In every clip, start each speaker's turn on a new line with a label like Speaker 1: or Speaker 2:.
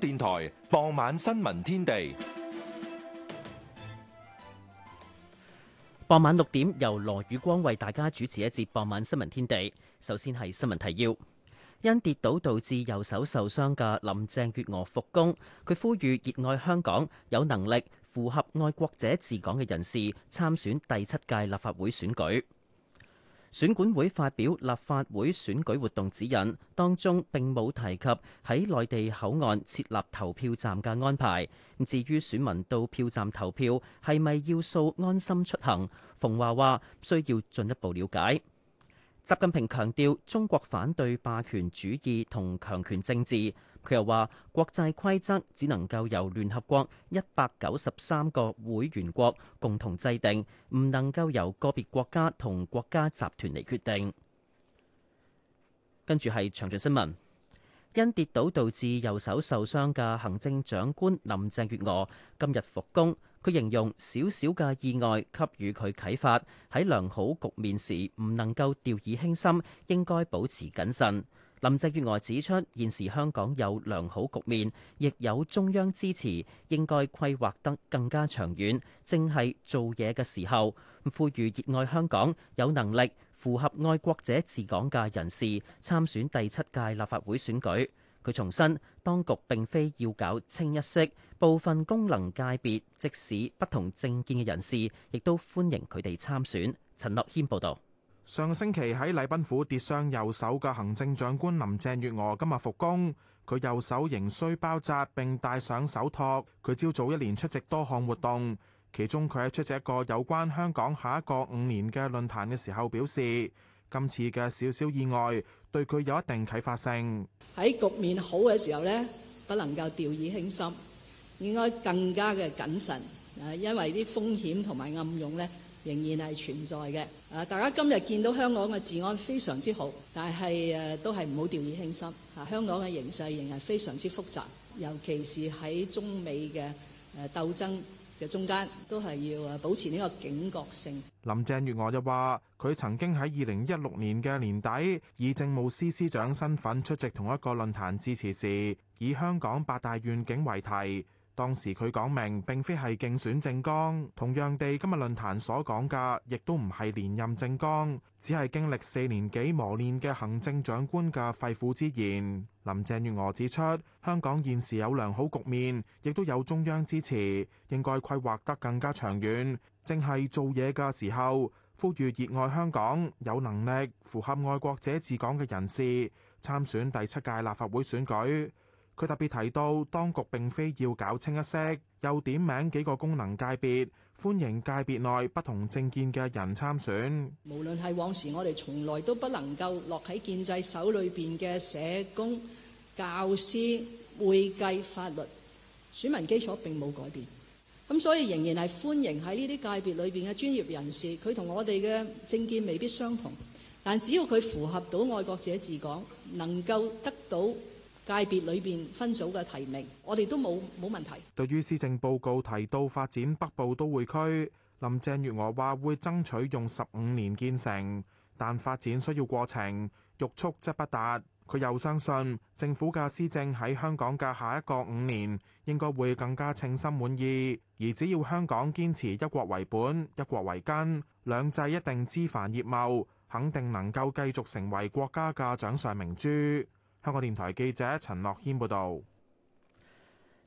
Speaker 1: 電台傍晚新聞天地，傍晚六點由羅宇光為大家主持一節傍晚新聞天地。首先係新聞提要：因跌倒導致右手受傷嘅林鄭月娥復工，佢呼籲熱愛香港、有能力、符合愛國者治港嘅人士參選第七屆立法會選舉。選管會發表立法會選舉活動指引，當中並冇提及喺內地口岸設立投票站嘅安排。至於選民到票站投票係咪要掃安心出行，馮華話，話需要進一步了解。習近平強調中國反對霸權主義同強權政治。佢又話：國際規則只能夠由聯合國一百九十三個會員國共同制定，唔能夠由個別國家同國家集團嚟決定。跟住係詳盡新聞，因跌倒導致右手受傷嘅行政長官林鄭月娥今日復工。佢形容少少嘅意外給予佢啟發，喺良好局面時唔能夠掉以輕心，應該保持謹慎。林鄭月娥指出，現時香港有良好局面，亦有中央支持，應該規劃得更加長遠，正係做嘢嘅時候，呼籲熱愛香港、有能力、符合愛國者治港嘅人士參選第七屆立法會選舉，佢重申，當局並非要搞清一色，部分功能界別，即使不同政見嘅人士，亦都歡迎佢哋參選，陳樂謙報道。上個星期喺禮賓府跌
Speaker 2: 傷右手嘅行政長官林鄭月娥今日復工，佢右手仍需包紮並戴上手托。佢朝早一年出席多項活動，其中佢喺出席一個有關香港下一個五年嘅論壇嘅時候表示，今次嘅少少意外對佢有一定啟發性。
Speaker 3: 喺局面好嘅時候呢，不能夠掉以輕心，應該更加嘅謹慎。因為啲風險同埋暗湧呢。仍然係存在嘅，啊！大家今日見到香港嘅治安非常之好，但係誒、啊、都係唔好掉以輕心。啊，香港嘅形勢仍然非常之複雜，尤其是喺中美嘅誒、啊、鬥爭嘅中間，都係要誒保持呢個警覺性。
Speaker 2: 林鄭月娥就話：佢曾經喺二零一六年嘅年底，以政務司司長身份出席同一個論壇致辭時，以香港八大願景為題。當時佢講明並非係競選政綱，同樣地今日論壇所講嘅，亦都唔係連任政綱，只係經歷四年幾磨練嘅行政長官嘅肺腑之言。林鄭月娥指出，香港現時有良好局面，亦都有中央支持，應該規劃得更加長遠，正係做嘢嘅時候，呼籲熱愛香港、有能力、符合愛國者治港嘅人士參選第七屆立法會選舉。佢特別提到，當局並非要搞清一色，又點名幾個功能界別，歡迎界別內不同政見嘅人參選。
Speaker 3: 無論係往時，我哋從來都不能夠落喺建制手裏邊嘅社工、教師、會計、法律選民基礎並冇改變，咁所以仍然係歡迎喺呢啲界別裏邊嘅專業人士。佢同我哋嘅政見未必相同，但只要佢符合到愛國者治港，能夠得到，界別裏邊分組嘅提名，我哋都冇冇問題。
Speaker 2: 對於施政報告提到發展北部都會區，林鄭月娥話會爭取用十五年建成，但發展需要過程，欲速則不達。佢又相信政府嘅施政喺香港嘅下一個五年應該會更加稱心滿意，而只要香港堅持一國為本、一國為根，兩制一定枝繁葉茂，肯定能夠繼續成為
Speaker 1: 國家嘅掌上明珠。香港電台記者陳樂謙報道，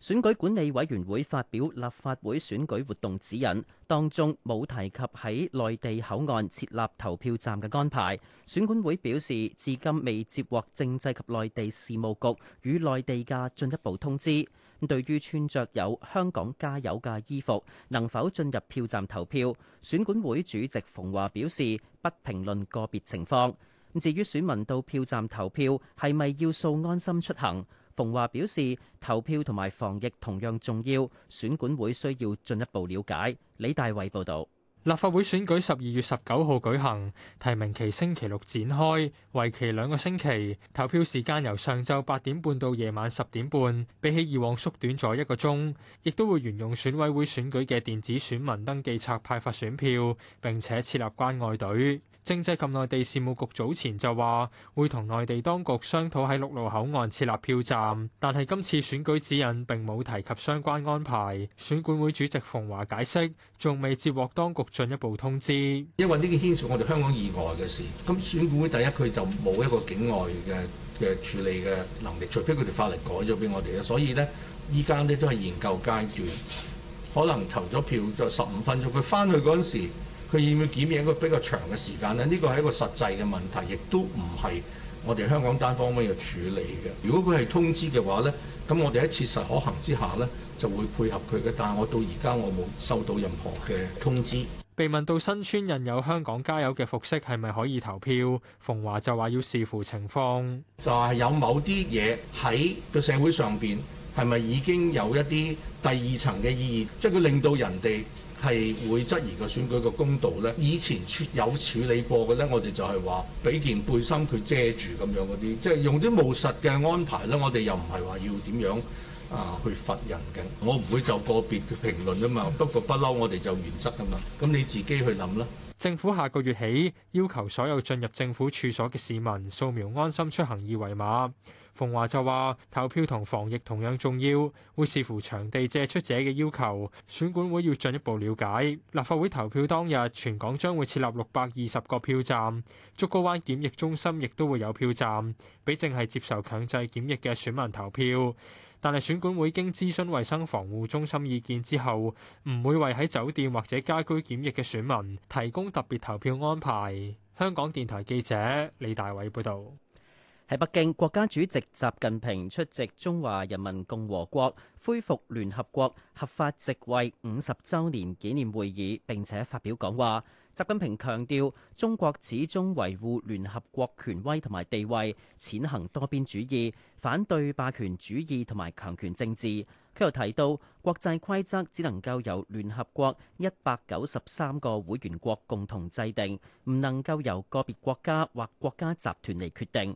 Speaker 1: 選舉管理委員會發表立法會選舉活動指引，當中冇提及喺內地口岸設立投票站嘅安排。選管會表示，至今未接獲政制及內地事務局與內地嘅進一步通知。對於穿着有香港加油嘅衣服能否進入票站投票，選管會主席馮華表示，不評論個別情況。至於選民到票站投票係咪要掃安心出行？馮華表示，投票同埋防疫同樣重要，選管會需要進一步了解。李大偉報導，立法會選舉十二月十九號舉行，提名期星期六展開，
Speaker 4: 為期兩個星期。投票時間由上晝八點半到夜晚十點半，比起以往縮短咗一個鐘，亦都會沿用選委會選舉嘅電子選民登記冊派發選票，並且設立關愛隊。政制及內地事務局早前就話會同內地當局商討喺陸路口岸設立票站，但係今次選舉指引並冇提及相關安排。選管會主席馮華解釋，仲未接獲當局進一步通知，
Speaker 5: 因為呢件牽涉我哋香港以外嘅事。咁選管會第一佢就冇一個境外嘅嘅處理嘅能力，除非佢哋法例改咗俾我哋咧。所以呢，依家呢都係研究階段，可能投咗票就十五分鐘，佢翻去嗰陣時。佢要唔要檢驗一個比較長嘅時間咧？呢個係一個實際嘅問題，亦都唔係我哋香港單方面要處理嘅。如果佢係通知嘅話咧，咁我哋喺切實可行之下咧，就會配合佢嘅。但係我到而家我冇收到任何嘅通知。
Speaker 4: 被問到新村印有香港加油嘅服飾係咪可以投票，馮驊就話要視乎情況，
Speaker 5: 就係有某啲嘢喺個社會上邊係咪已經有一啲第二層嘅意義，即係佢令到人哋。係會質疑個選舉個公道呢。以前有處理過嘅呢，我哋就係話俾件背心佢遮住咁樣嗰啲，即係用啲務實嘅安排呢。我哋又唔係話要點樣啊去罰人嘅，我唔會就個別嘅評論啊嘛。不過不嬲，我哋就原則啊嘛。
Speaker 4: 咁你自己去諗啦。政府下個月起要求所有進入政府處所嘅市民掃描安心出行二維碼。馮驊就話：投票同防疫同樣重要，會視乎場地借出者嘅要求，選管會要進一步了解。立法會投票當日，全港將會設立六百二十個票站，竹篙灣檢疫中心亦都會有票站，畀淨係接受強制檢疫嘅選民投票。但係選管會經諮詢衛生防護中心意見之後，唔會為喺酒店或者家居檢
Speaker 1: 疫嘅選民提供特別投票安排。香港電台記者李大偉報導。喺北京，國家主席習近平出席中華人民共和國恢復聯合國合法席位五十週年紀念會議，並且發表講話。習近平強調，中國始終維護聯合國權威同埋地位，踐行多邊主義，反對霸權主義同埋強權政治。佢又提到，國際規則只能夠由聯合國一百九十三個會員國共同制定，唔能夠由個別國家或國家集團嚟決定。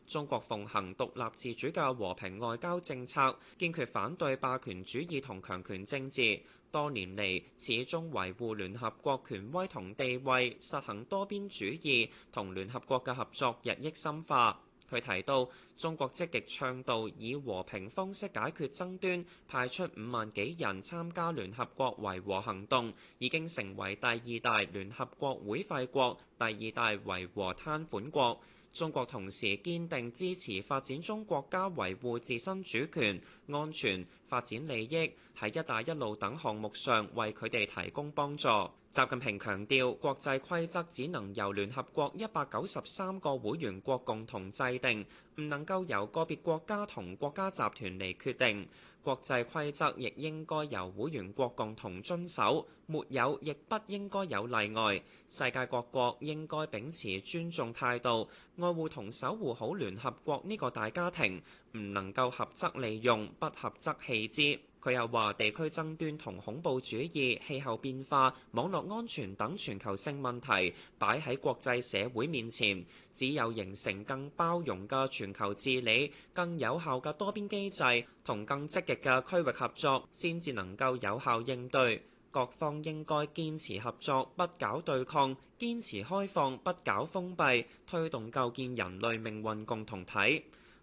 Speaker 6: 中國奉行獨立自主嘅和平外交政策，堅決反對霸權主義同強權政治。多年嚟，始終維護聯合國權威同地位，實行多邊主義，同聯合國嘅合作日益深化。佢提到，中國積極倡導以和平方式解決爭端，派出五萬幾人參加聯合國維和行動，已經成為第二大聯合國會費國、第二大維和攤款國。中國同時堅定支持發展中國家維護自身主權、安全、發展利益，喺「一帶一路」等項目上為佢哋提供幫助。習近平強調，國際規則只能由聯合國一百九十三個會員國共同制定，唔能夠由個別國家同國家集團嚟決定。國際規則亦應該由會員國共同遵守，沒有亦不應該有例外。世界各國應該秉持尊重態度，愛護同守護好聯合國呢個大家庭，唔能夠合則利用，不合則棄之。佢又話：地區爭端同恐怖主義、氣候變化、網絡安全等全球性問題擺喺國際社會面前，只有形成更包容嘅全球治理、更有效嘅多邊機制同更積極嘅區域合作，先至能夠有效應對。各方應該堅持合作，不搞對抗；堅持開放，不搞封閉，推動構建人類命運共同體。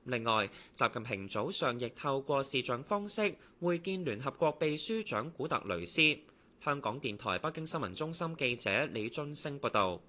Speaker 6: 另外，習近平早上亦透過視像方式會見聯合國秘書長古特雷斯。香港電台北京新聞中心記者李津升報道。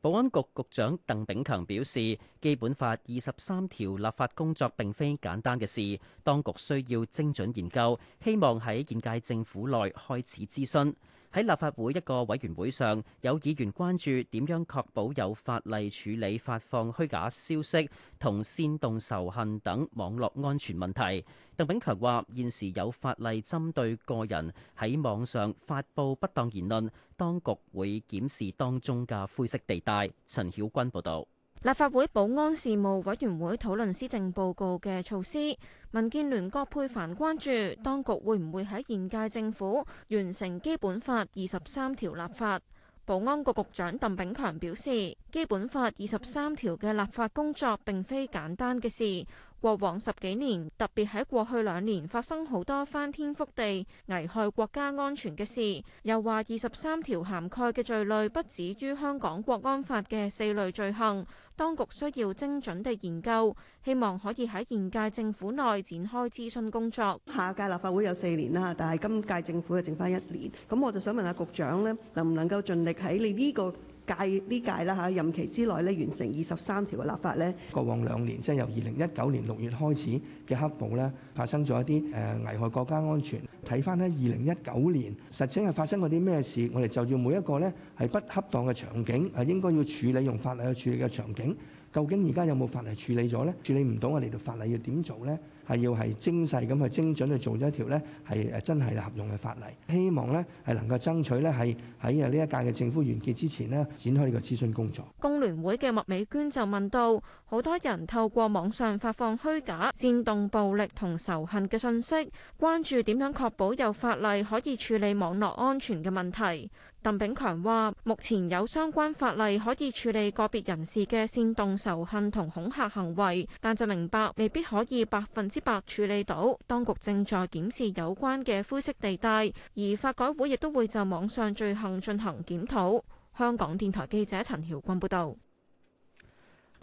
Speaker 1: 保安局局長鄧炳強表示，基本法二十三條立法工作並非簡單嘅事，當局需要精準研究，希望喺現屆政府內開始諮詢。喺立法會一個委員會上，有議員關注點樣確保有法例處理發放虛假消息同煽動仇恨等網絡安全問題。鄧炳強話，現時有法例針對個人喺網上發佈不當言論，當局會檢視當中嘅灰色地帶。陳曉君報導。
Speaker 7: 立法會保安事務委員會討論施政報告嘅措施，民建聯葛珮帆關注當局會唔會喺現屆政府完成基本法二十三條立法。保安局局長鄧炳強表示，基本法二十三條嘅立法工作並非簡單嘅事。過往十幾年，特別喺過去兩年發生好多翻天覆地、危害國家安全嘅事。又話二十三條涵蓋嘅罪類不止於香港國安法嘅四類罪行，當局需要精準地研究，希望可以喺現屆政府內展開諮詢工作。下屆立
Speaker 3: 法會有四年啦，但係今
Speaker 7: 屆政府啊剩翻一年，咁我就想問下局長呢能唔能夠盡力喺你呢個？屆呢屆啦嚇，任期之內咧完成二十三條嘅立法咧。過往兩年，即係、就是、
Speaker 5: 由二零一九年六月開始嘅黑暴咧。發生咗一啲誒危害國家安全，睇翻呢二零一九年實情係發生過啲咩事？我哋就要每一個呢係不恰當嘅場景，係應該要處理用法例去處理嘅場景，究竟而家有冇法例處理咗呢？處理唔到，我哋條法例要點做呢？係要係精細咁去精準去做咗一條呢係誒真係合用嘅法例，希望呢係能夠爭取呢係喺呢一屆嘅政府完結之前呢展開呢個諮詢工作。
Speaker 7: 工聯會嘅麥美娟就問到：好多人透過網上發放虛假煽動暴力同仇恨嘅信息，關注點樣確保有法例可以處理網絡安全嘅問題。鄧炳強話：目前有相關法例可以處理個別人士嘅煽動仇恨同恐嚇行為，但就明白未必可以百分之百處理到。當局正在檢視有關嘅灰色地帶，而法改會亦都會就網上罪行進行檢討。香港電台記者陳曉君報導。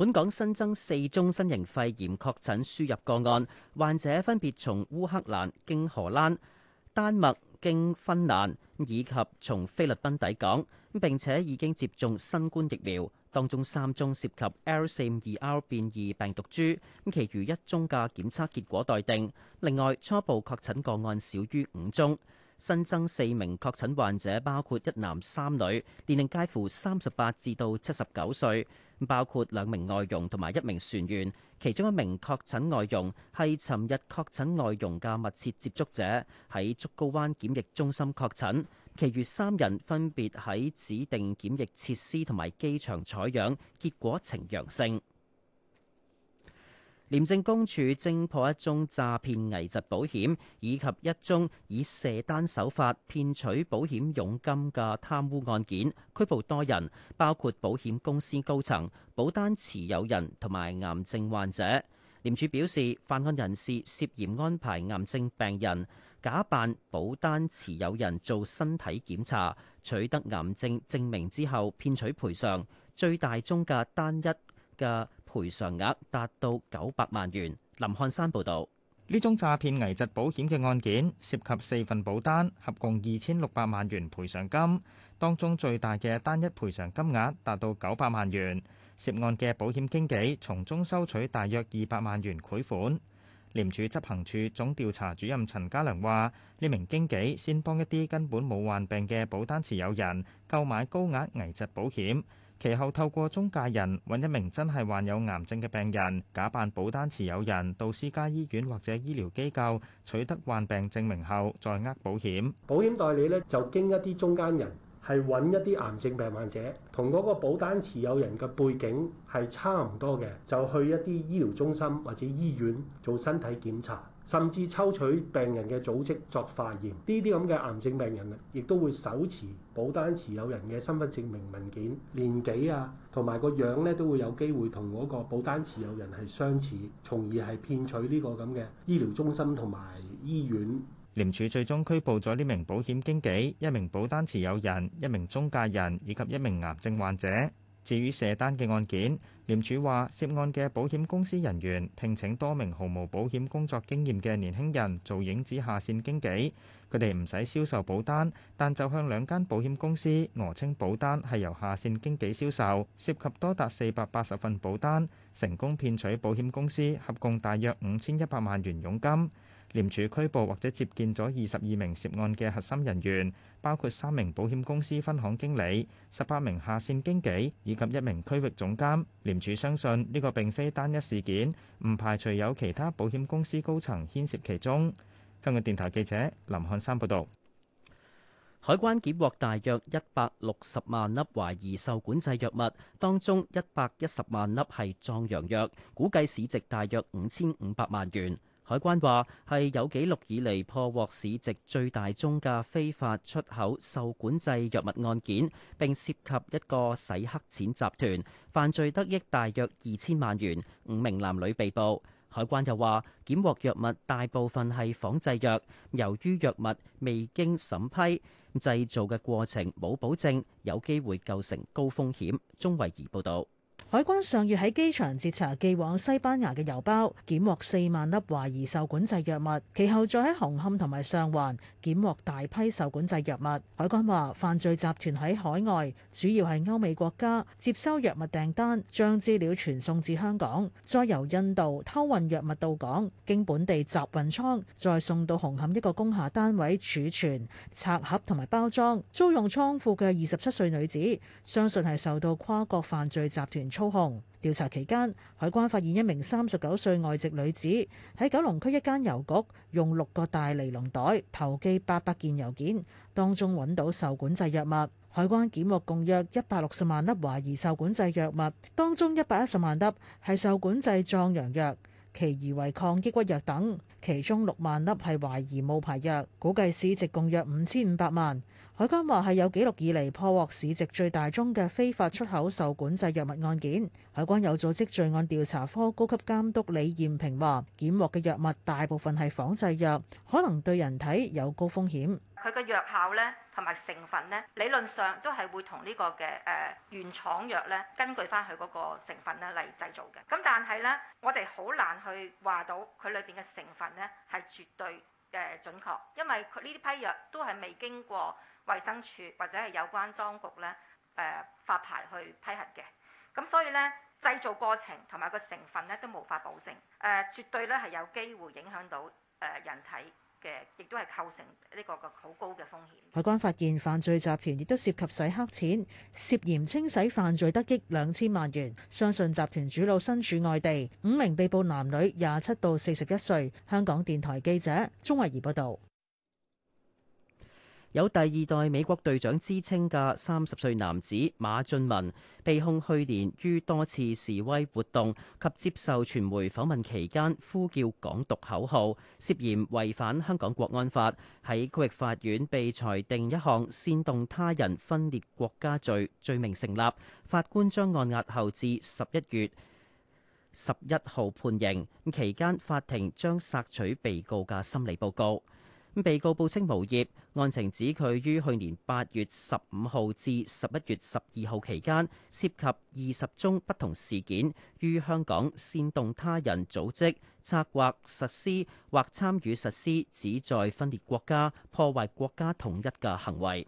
Speaker 1: 本港新增四宗新型肺炎確診輸入個案，患者分別從烏克蘭經荷蘭、丹麥經芬蘭以及從菲律賓抵港。並且已經接種新冠疫苗，當中三宗涉及 L 四五二 R 變異病毒株，咁，其餘一宗嘅檢測結果待定。另外，初步確診個案少於五宗。新增四名確診患者，包括一男三女，年齡介乎三十八至到七十九歲，包括兩名外傭同埋一名船員，其中一名確診外傭係尋日確診外傭嘅密切接觸者，喺竹篙灣檢疫中心確診，其餘三人分別喺指定檢疫設施同埋機場採樣，結果呈陽性。廉政公署偵破一宗詐騙危疾保險，以及一宗以卸單手法騙取保險佣金嘅貪污案件，拘捕多人，包括保險公司高層、保單持有人同埋癌症患者。廉署表示，犯案人士涉嫌安排癌症病人假扮保單持有人做身體檢查，取得癌症證明之後騙取賠償，最大宗嘅單一嘅。賠償額達到九百萬元。林漢山報道：呢宗詐騙危疾保險嘅案件，涉及四份保
Speaker 8: 單，合共二千六百萬元賠償金，當中最大嘅單一賠償金額達到九百萬元。涉案嘅保險經紀從中收取大約二百萬元賄款。廉署執行處總調查主任陳家良話：呢名經紀先幫一啲根本冇患病嘅保單持有人購買高額危疾保險。其後透過中介人揾一名真係患有癌症嘅病人，假扮保單持有人到私家醫院或者醫療機構取得患病證明後，再呃保險。
Speaker 5: 保險代理呢，就經一啲中間人，係揾一啲癌症病患者，同嗰個保單持有人嘅背景係差唔多嘅，就去一啲醫療中心或者醫院做身體檢查。甚至抽取病人嘅組織作化驗，呢啲咁嘅癌症病人，亦都會手持保單持有人嘅身份證明文件、年紀啊，同埋個樣咧，都會有機會同嗰個保單持有人係相似，從而係騙取呢個咁嘅醫療中心同埋醫院。
Speaker 8: 廉署最終拘捕咗呢名保險經紀、一名保單持有人、一名中介人以及一名癌症患者。至於射單嘅案件。廉署話，涉案嘅保險公司人員聘請多名毫無保險工作經驗嘅年輕人做影子下線經紀，佢哋唔使銷售保單，但就向兩間保險公司訛稱保單係由下線經紀銷售，涉及多達四百八十份保單，成功騙取保險公司合共大約五千一百萬元佣金。廉署拘捕或者接見咗二十二名涉案嘅核心人員，包括三名保險公司分行經理、十八名下線經紀以及一名區域總監。廉署相信呢個並非單一事件，唔排除有其他保險公司高層牽涉其中。香港電台記者林漢山報道。
Speaker 1: 海關檢獲大約一百六十萬粒懷疑受管制藥物，當中一百一十萬粒係壯陽藥，估計市值大約五千五百萬元。海關話係有紀錄以嚟破獲市值最大宗嘅非法出口受管制藥物案件，並涉及一個洗黑錢集團，犯罪得益大約二千萬元，五名男女被捕。海關又話，檢獲藥物大部分係仿製藥，由於藥物未經審批，製造嘅過程冇保證，有機會構成高風險。鐘慧儀報道。
Speaker 9: 海關上月喺機場截查寄往西班牙嘅郵包，檢獲四萬粒懷疑受管制藥物。其後再喺紅磡同埋上環檢獲大批受管制藥物。海關話，犯罪集團喺海外，主要係歐美國家接收藥物訂單，將資料傳送至香港，再由印度偷運藥物到港，經本地集運倉再送到紅磡一個工廈單位儲存、拆盒同埋包裝。租用倉庫嘅二十七歲女子，相信係受到跨國犯罪集團操控調查期間，海關發現一名三十九歲外籍女子喺九龍區一間郵局用六個大尼龍袋投寄八百件郵件，當中揾到受管制藥物。海關檢獲共約一百六十萬粒懷疑受管制藥物，當中一百一十萬粒係受管制壯陽藥，其餘為抗抑鬱藥等，其中六萬粒係懷疑冒牌藥，估計市值共約五千五百萬。海關話係有記錄以嚟破獲市值最大宗嘅非法出口受管制藥物案件。海關有組織罪案調查科高級監督李燕平話，檢獲嘅藥物大部分係仿製藥，可能對人體有高風險。
Speaker 7: 佢嘅藥效咧，同埋成分咧，理論上都係會同呢個嘅誒原廠藥咧，根據翻佢嗰個成分咧嚟製造嘅。咁但係咧，我哋好難去話到佢裏邊嘅成分咧係絕對嘅準確，因為佢呢啲批藥都係未經過。衛生署或者係有關當局咧，誒發牌去批核嘅，咁所以咧製造過程同埋個成分咧都無法保證，誒、呃、絕對咧係有機會影響到誒人體嘅，亦都係構成呢個個好高嘅
Speaker 9: 風險。海關發現犯罪集團亦都涉及洗黑錢，涉嫌清洗犯罪得益兩千萬元。相信集團主腦身處外地，五名被捕男女廿七到四十一歲。香港電台記者鍾慧儀報道。
Speaker 1: 有第二代美國隊長之稱嘅三十歲男子馬俊文被控去年於多次示威活動及接受傳媒訪問期間呼叫港獨口號，涉嫌違反香港國安法，喺區域法院被裁定一項煽動他人分裂國家罪罪名成立。法官將案押後至十一月十一號判刑。期間法庭將索取被告嘅心理報告。被告報稱無業。案情指佢於去年八月十五號至十一月十二號期間，涉及二十宗不同事件，於香港煽動他人組織、策劃、實施或參與實施旨在分裂國家、破壞國家統一嘅行為。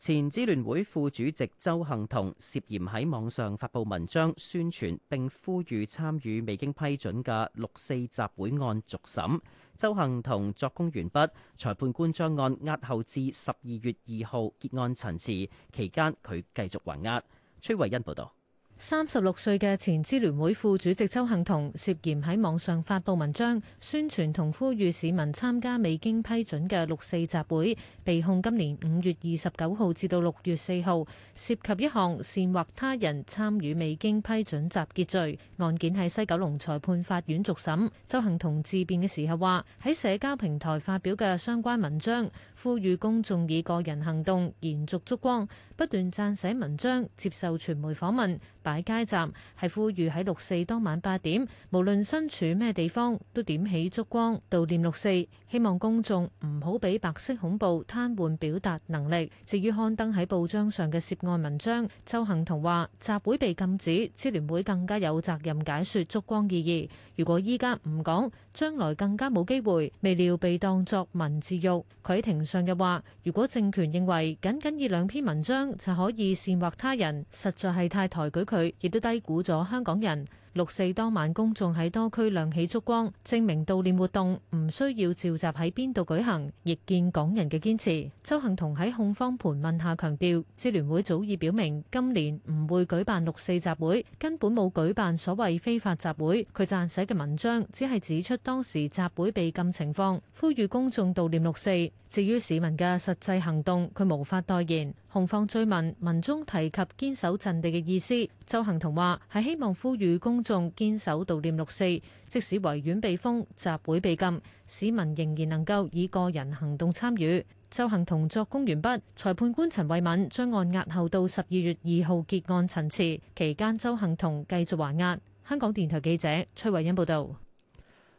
Speaker 1: 前支聯會副主席周幸彤涉嫌喺網上發佈文章宣傳，並呼籲參與未經批准嘅六四集會案續審。周幸彤作供完畢，裁判官將案押後至十二月二號結案陳詞，期間佢繼續還押。崔慧欣報道。
Speaker 10: 三十六歲嘅前支聯會副主席鄒幸彤涉嫌喺網上發布文章，宣傳同呼籲市民參加未經批准嘅六四集會，被控今年五月二十九號至到六月四號涉及一項煽惑他人參與未經批准集結罪。案件喺西九龍裁判法院續審。鄒幸彤自辯嘅時候話：喺社交平台發表嘅相關文章，呼籲公眾以個人行動延續燭光。不斷撰寫文章、接受傳媒訪問、擺街站，係呼籲喺六四當晚八點，無論身處咩地方，都點起燭光，悼念六四。希望公眾唔好俾白色恐怖癱瘓表達能力。至於刊登喺報章上嘅涉案文章，鄒幸彤話集會被禁止，支聯會更加有責任解說燭光意義。如果依家唔講，將來更加冇機會。未料被當作文字獄。佢庭上又話：如果政權認為僅僅以兩篇文章就可以煽惑他人，實在係太抬舉佢，亦都低估咗香港人。六四當晚，公眾喺多區亮起燭光，證明悼念活動唔需要召集喺邊度舉行，亦見港人嘅堅持。鄒幸彤喺控方盤問下強調，支聯會早已表明今年唔會舉辦六四集會，根本冇舉辦所謂非法集會。佢撰寫嘅文章只係指出當時集會被禁情況，呼籲公眾悼念六四。至於市民嘅實際行動，佢無法代言。控方追問文中提及堅守陣地嘅意思，鄒幸彤話係希望呼籲公眾堅守悼念六四，即使維園被封、集會被禁，市民仍然能夠以個人行動參與。鄒幸彤作供完畢，裁判官陳慧敏將案押後到十二月二號結案陳詞，期間鄒幸彤繼續還押。香港電台記者崔慧欣報道。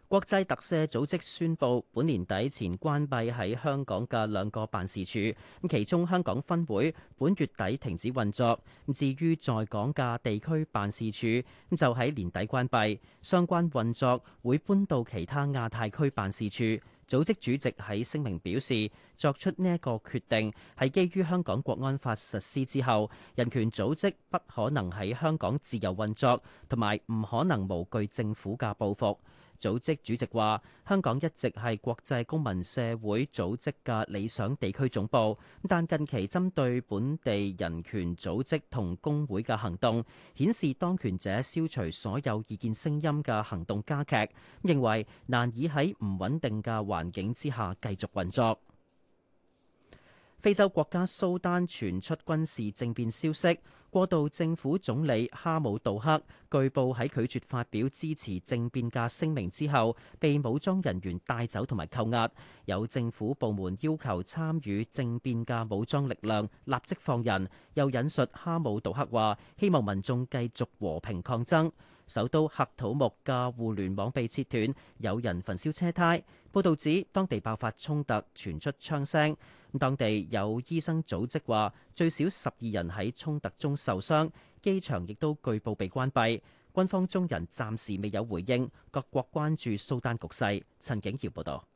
Speaker 1: 國際特赦組織宣布，本年底前關閉喺香港嘅兩個辦事處。咁其中，香港分會本月底停止運作。至於在港嘅地區辦事處，咁就喺年底關閉。相關運作會搬到其他亞太區辦事處。組織主席喺聲明表示，作出呢一個決定係基於香港國安法實施之後，人權組織不可能喺香港自由運作，同埋唔可能無懼政府嘅報復。組織主席話：香港一直係國際公民社會組織嘅理想地區總部，但近期針對本地人權組織同工會嘅行動，顯示當權者消除所有異見聲音嘅行動加劇，認為難以喺唔穩定嘅環境之下繼續運作。非洲國家蘇丹傳出軍事政變消息。過渡政府總理哈姆杜克據報喺拒絕發表支持政變嘅聲明之後，被武裝人員帶走同埋扣押。有政府部門要求參與政變嘅武裝力量立即放人。又引述哈姆杜克話，希望民眾繼續和平抗爭。首都喀土穆嘅互聯網被切斷，有人焚燒車胎。報道指當地爆發衝突，傳出槍聲。當地有醫生組織話，最少十二人喺衝突中受傷，機場亦都據報被關閉，軍方中人暫時未有回應。各國關注蘇丹局勢，陳景耀報道。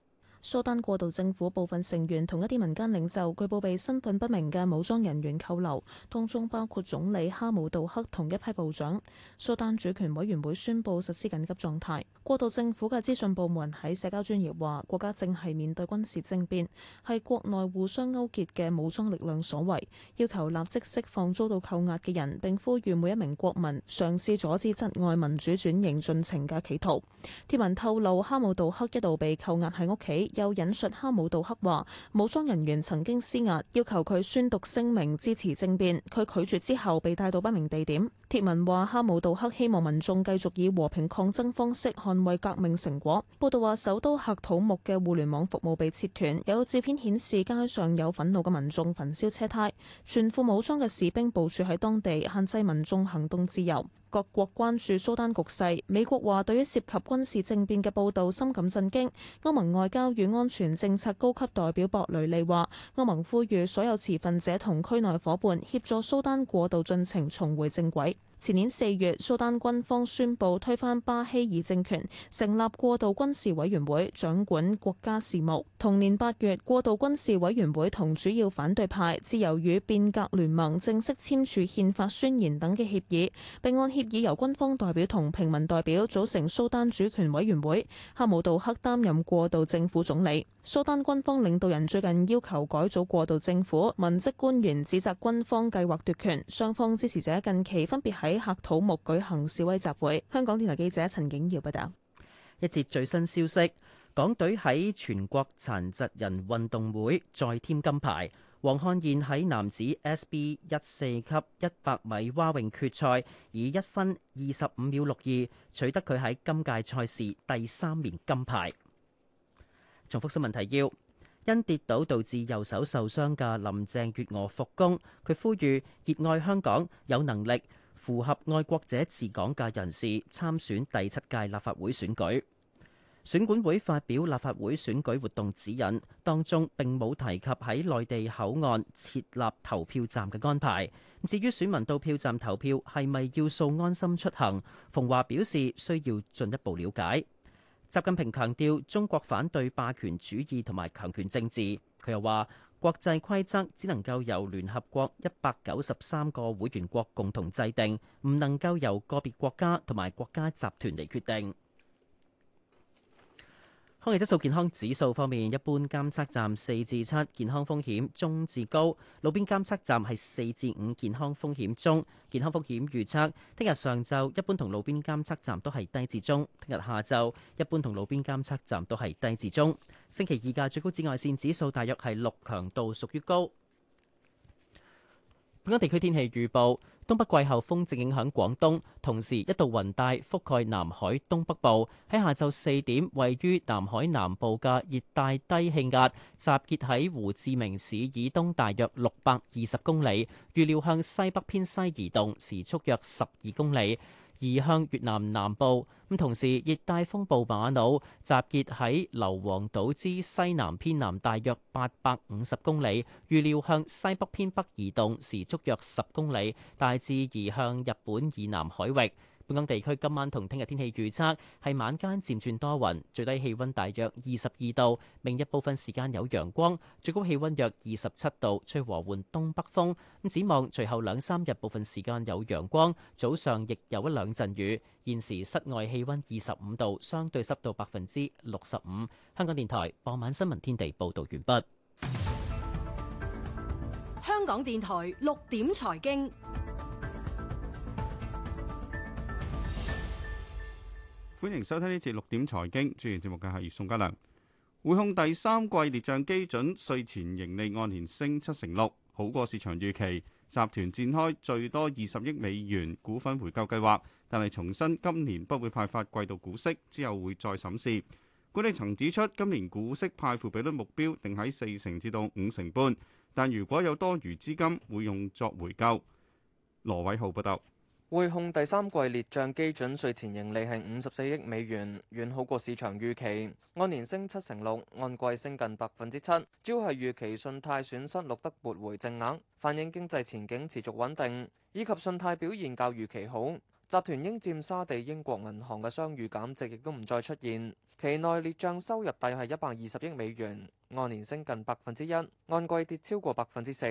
Speaker 11: 蘇丹過渡政府部分成員同一啲民間領袖據報被身份不明嘅武裝人員扣留，當中包括總理哈姆杜克同一批部長。蘇丹主權委員會宣布實施緊急狀態。過渡政府嘅資訊部門喺社交專頁話，國家正係面對軍事政變，係國內互相勾結嘅武裝力量所為，要求立即釋放遭到扣押嘅人，並呼籲每一名國民嘗試阻止窒礙民主轉型進程嘅企圖。貼文透露，哈姆杜克一度被扣押喺屋企。又引述哈姆道克話武裝人員曾經施壓要求佢宣讀聲明支持政變，佢拒絕之後被帶到不明地點，帖文話哈姆道克希望民眾繼續以和平抗爭方式捍衛革命成果。報道話首都喀土穆嘅互聯網服務被切斷，有照片顯示街上有憤怒嘅民眾焚燒車胎，全副武裝嘅士兵部署喺當地，限制民眾行動自由。各國關注蘇丹局勢，美國話對於涉及軍事政變嘅報道深感震驚。歐盟外交與安全政策高級代表博雷利話，歐盟呼籲所有持份者同區內夥伴協助蘇丹過渡進程重回正軌。前年四月，蘇丹軍方宣布推翻巴希爾政權，成立過渡軍事委員會掌管國家事務。同年八月，過渡軍事委員會同主要反對派自由與變革聯盟正式簽署憲法宣言等嘅協議，並按協議由軍方代表同平民代表組成蘇丹主權委員會，哈姆杜克擔任過渡政府總理。蘇丹軍方領導人最近要求改組過渡政府，文職官員指責軍方計劃奪權，雙方支持者近期分別喺喺黑土木舉行示威集會。香港電台記者陳景耀報
Speaker 1: 道。一節最新消息，港隊喺全國殘疾人運動會再添金牌。黃漢燕喺男子 S B 一四級一百米蛙泳決賽，以一分二十五秒六二取得佢喺今屆賽事第三面金牌。重複新聞提要，因跌倒導致右手受傷嘅林鄭月娥復工，佢呼籲熱愛香港，有能力。符合愛國者治港嘅人士參選第七屆立法會選舉，選管會發表立法會選舉活動指引，當中並冇提及喺內地口岸設立投票站嘅安排。咁至於選民到票站投票係咪要掃安心出行，馮華表示需要進一步了解。習近平強調中國反對霸權主義同埋強權政治，佢又話。國際規則只能夠由聯合國一百九十三個會員國共同制定，唔能夠由個別國家同埋國家集團嚟決定。空氣質素健康指數方面，一般監測站四至七，健康風險中至高；路邊監測站係四至五，健康風險中。健康風險預測：聽日上晝一般同路邊監測站都係低至中；聽日下晝一般同路邊監測站都係低至中。星期二嘅最高紫外線指數大約係六，強度屬於高。本港地區天氣預報。東北季候風正影響廣東，同時一道雲帶覆蓋南海東北部。喺下晝四點，位於南海南部嘅熱帶低氣壓集結喺胡志明市以東大約六百二十公里，預料向西北偏西移動，時速約十二公里。移向越南南部，咁同時熱帶風暴馬瑙集結喺硫磺島之西南偏南大約八百五十公里，預料向西北偏北移動，時速約十公里，大致移向日本以南海域。本港地區今晚同聽日天氣預測係晚間漸轉多雲，最低氣温大約二十二度。明日部分時間有陽光，最高氣温約二十七度，吹和緩東北風。咁展望隨後兩三日部分時間有陽光，早上亦有一兩陣雨。現時室外氣温二十五度，相對濕度百分之六十五。香港電台傍晚新聞天地報道完畢。
Speaker 3: 香港電台六點財經。
Speaker 12: 歡迎收聽呢節六點財經，主持節目嘅係宋嘉良。匯控第三季列賬基準稅前盈利按年升七成六，好過市場預期。集團展開最多二十億美元股份回購計劃，但係重申今年不會派發季度股息，之後會再審視。管理層指出，今年股息派付比率目標定喺四成至到五成半，但如果有多餘資金，會用作回購。羅偉浩報道。匯控第三季列賬
Speaker 13: 基準稅前盈利係五十四億美元，遠好過市場預期，按年升七成六，按季升近百分之七。主要係預期信貸損失錄得撥回淨額，反映經濟前景持續穩定，以及信貸表現較預期好。集團應佔沙地英國銀行嘅商譽減值亦都唔再出現。期內列賬收入大約係一百二十億美元，按年升近百分之一，按季跌超過百分之四。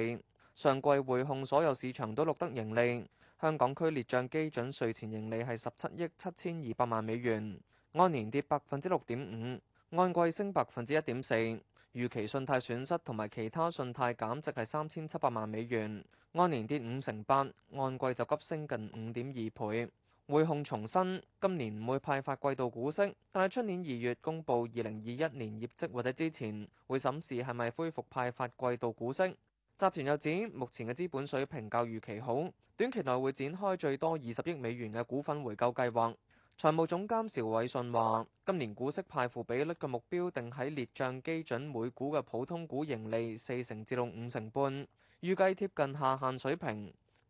Speaker 13: 上季匯控所有市場都錄得盈利。香港區列帳基準稅前盈利係十七億七千二百萬美元，按年跌百分之六點五，按季升百分之一點四。預期信貸損失同埋其他信貸減值係三千七百萬美元，按年跌五成八，按季就急升近五點二倍。匯控重申今年唔會派發季度股息，但係出年二月公佈二零二一年業績或者之前，會審視係咪恢復派發季度股息。集團又指，目前嘅資本水平較預期好，短期內會展開最多二十億美元嘅股份回購計劃。財務總監邵偉信話，今年股息派付比率嘅目標定喺列帳基準每股嘅普通股盈利四成至到五成半，預計貼近下限水平。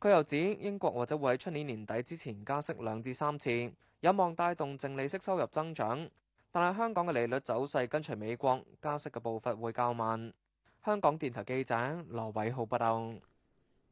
Speaker 13: 佢又指英國或者會喺出年年底之前加息兩至三次，有望帶動淨利息收入增長。但係香港嘅利率走勢跟隨美國，加息嘅步伐會較慢。香港電台記者羅偉浩報道：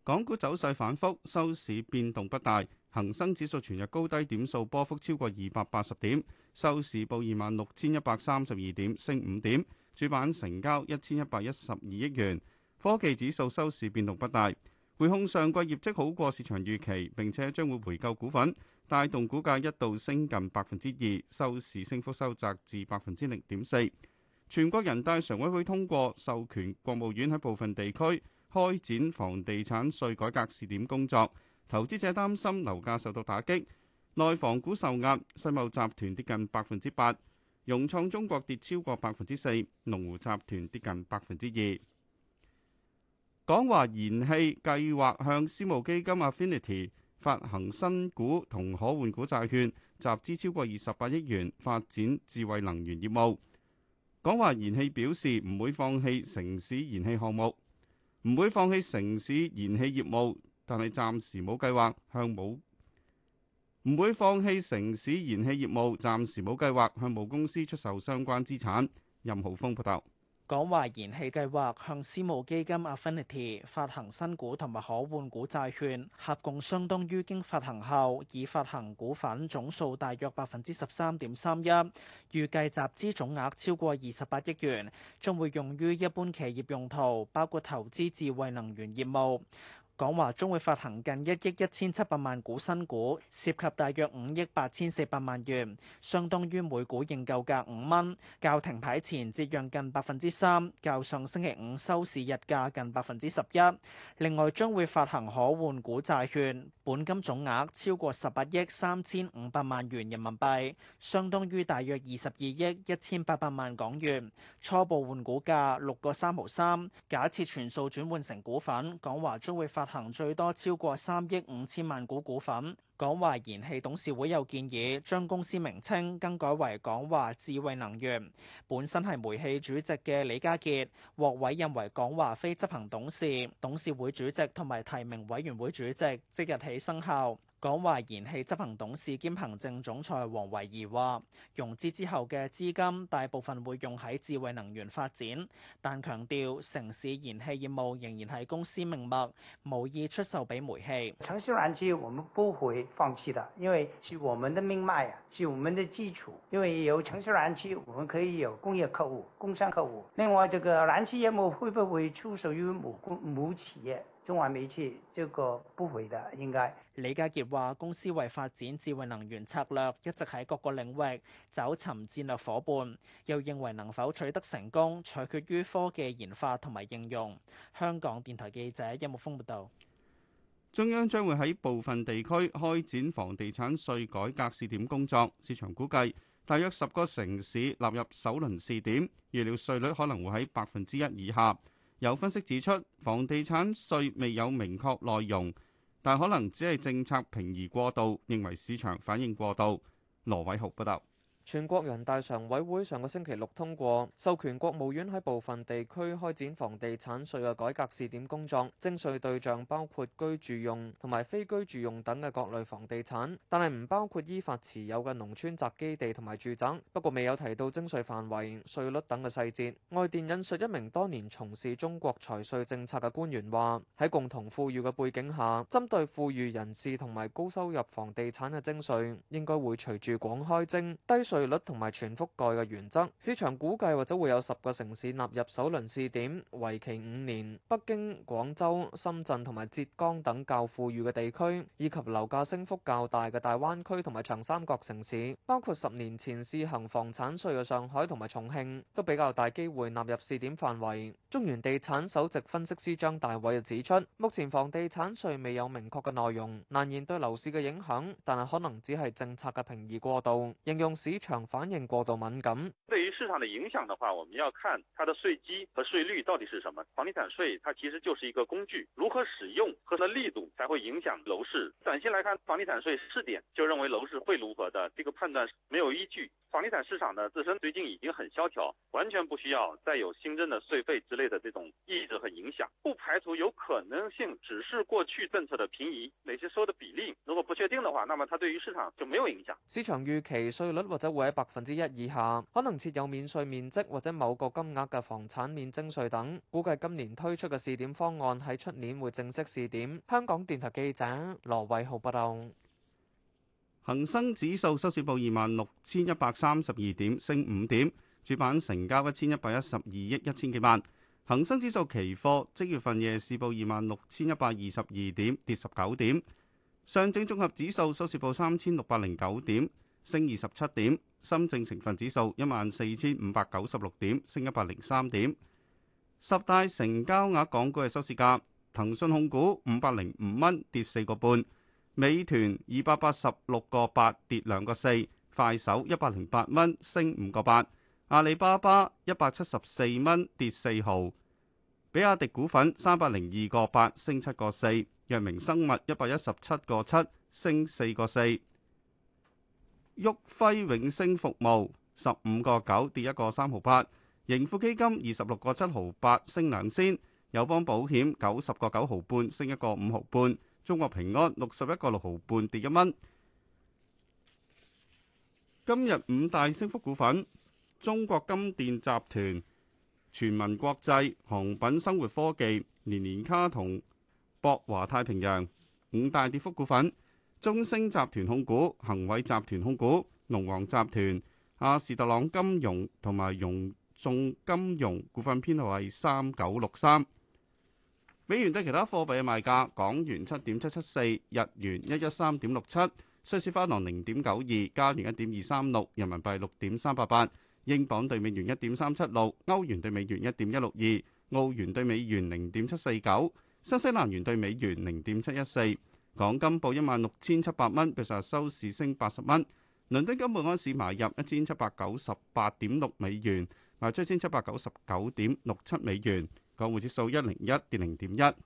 Speaker 12: 港股走勢反覆，收市變動不大。恒生指數全日高低點數波幅超過二百八十點，收市報二萬六千一百三十二點，升五點。主板成交一千一百一十二億元。科技指數收市變動不大。匯控上季業績好過市場預期，並且將會回購股份，帶動股價一度升近百分之二，收市升幅收窄至百分之零點四。全國人大常委會通過授權國務院喺部分地區開展房地產稅改革試點工作。投資者擔心樓價受到打擊，內房股受壓，世茂集團跌近百分之八，融創中國跌超過百分之四，龍湖集團跌近百分之二。港華燃氣計劃向私募基金 Affinity 發行新股同可換股債券，集資超過二十八億元，發展智慧能源業務。港華燃氣表示唔會放棄城市燃氣項目，唔會放棄城市燃氣業務，但係暫時冇計劃向冇唔會放棄城市燃氣業務，暫時冇計劃向母公司出售相關資產。任豪峯報道。港華燃
Speaker 14: 氣計劃向私募基金 Affinity 發行新股同埋可換股債券，合共相當於經發行後已發行股份總數大約百分之十三點三一，預計集資總額超過二十八億元，將會用於一般企業用途，包括投資智慧能源業務。港華將會發行近一億一千七百萬股新股，涉及大約五億八千四百萬元，相當於每股認購價五蚊。較停牌前折讓近百分之三，較上星期五收市日價近百分之十一。另外，將會發行可換股債券，本金總額超過十八億三千五百萬元人民幣，相當於大約二十二億一千八百萬港元。初步換股價六個三毫三，假設全數轉換成股份，港華將會發行。行最多超過三億五千萬股股份。港華燃氣董事會又建議將公司名稱更改為港華智慧能源。本身係煤氣主席嘅李家傑獲委任為港華非執行董事、董事會主席同埋提名委員會主席，即日起生效。港華燃氣執行董事兼行政總裁黃維儀話：融資之後嘅資金大部分會用喺智慧能源發展，但強調城市燃氣業務仍然係公司命脈，無意出售俾煤氣。
Speaker 6: 城市燃氣我們不會放棄的，因為是我們的命脈呀，是我們的基礎。因為有城市燃氣，我們可以有工業客戶、工商客戶。另外，這個燃氣業務會不會出售於某公某企業？中環美氣這個不回答。
Speaker 14: 應該李家傑話公司為發展智慧能源策略，一直喺各個領域找尋戰略夥伴，又認為能否取得成功取決於科技研發同埋應用。香港電台記者殷木峯報道。
Speaker 12: 中央將會喺部分地區開展房地產稅改革試點工作，市場估計大約十個城市納入首輪試點，預料稅率可能會喺百分之一以下。有分析指出，房地產稅未有明確內容，但可能只係政策平移過度，認為市場反應過度。羅偉豪報道。
Speaker 13: 全國人大常委會上個星期六通過授權國務院喺部分地區開展房地產稅嘅改革試點工作，徵稅對象包括居住用同埋非居住用等嘅各類房地產，但係唔包括依法持有嘅農村宅基地同埋住宅。不過未有提到徵稅範圍、稅率等嘅細節。外電引述一名多年從事中國財稅政策嘅官員話：喺共同富裕嘅背景下，針對富裕人士同埋高收入房地產嘅徵稅，應該會隨住廣開征低。稅率同埋全覆蓋嘅原則，市場估計或者會有十個城市納入首輪試點，為期五年。北京、廣州、深圳同埋浙江等較富裕嘅地區，以及樓價升幅較大嘅大灣區同埋長三角城市，包括十年前試行房產稅嘅上海同埋重慶，都比較大機會納入試點範圍。中原地產首席分析師張大偉又指出，目前房地產稅未有明確嘅內容，難言對樓市嘅影響，但係可能只係政策嘅平移過渡，形容市。市場反應過度敏感，
Speaker 12: 對於市場的影響的話，我們要看它的稅基和稅率到底是什麼。房地產稅它其實就是一個工具，如何使用和它力度才會影響樓市。短期來看，房地產稅試點就認為樓市會如何的，這個判斷沒有依據。房地產市場呢自身最近已經很蕭條，完全不需要再有新增的稅費之類的這種抑制和影響。不排除有可能性，只是過去政策的平移，哪些收的比例如果不確定的話，那麼它對於市場就沒有影響。
Speaker 13: 市場預期稅率或者會喺百分之一以下，可能設有免稅面積或者某個金額嘅房產免徵稅等。估計今年推出嘅試點方案喺出年會正式試點。香港電台記者羅偉浩報道。
Speaker 12: 恒生指數收市報二萬六千一百三十二點，升五點。主板成交一千一百一十二億一千幾萬。恒生指數期貨即月份夜市報二萬六千一百二十二點，跌十九點。上證綜合指數收市報三千六百零九點。升二十七點，深圳成分指數一萬四千五百九十六點，升一百零三點。十大成交額港股嘅收市價：騰訊控股五百零五蚊，跌四個半；美團二百八十六個八，跌兩個四；快手一百零八蚊，升五個八；阿里巴巴一百七十四蚊，跌四毫；比亞迪股份三百零二個八，升七個四；藥明生物一百一十七個七，升四個四。旭輝永升服務十五個九跌一個三毫八，盈富基金二十六個七毫八升兩仙，友邦保險九十個九毫半升一個五毫半，中國平安六十一個六毫半跌一蚊。今日五大升幅股份：中國金電集團、全民國際、航品生活科技、年年卡同博華太平洋。五大跌幅股份。中星集團控股、恆偉集團控股、龍王集團、亞士特朗金融同埋融眾金融股份編號係三九六三。美元對其他貨幣嘅賣價：港元七點七七四，日元一一三點六七，瑞士法郎零點九二，加元一點二三六，人民幣六點三八八，英鎊對美元一點三七六，歐元對美元一點一六二，澳元對美元零點七四九，新西蘭元對美元零點七一四。港金報一萬六千七百蚊，比上日收市升八十蚊。倫敦金每盎司買入一千七百九十八點六美元，賣出一千七百九十九點六七美元。港匯指數一零一跌零點一。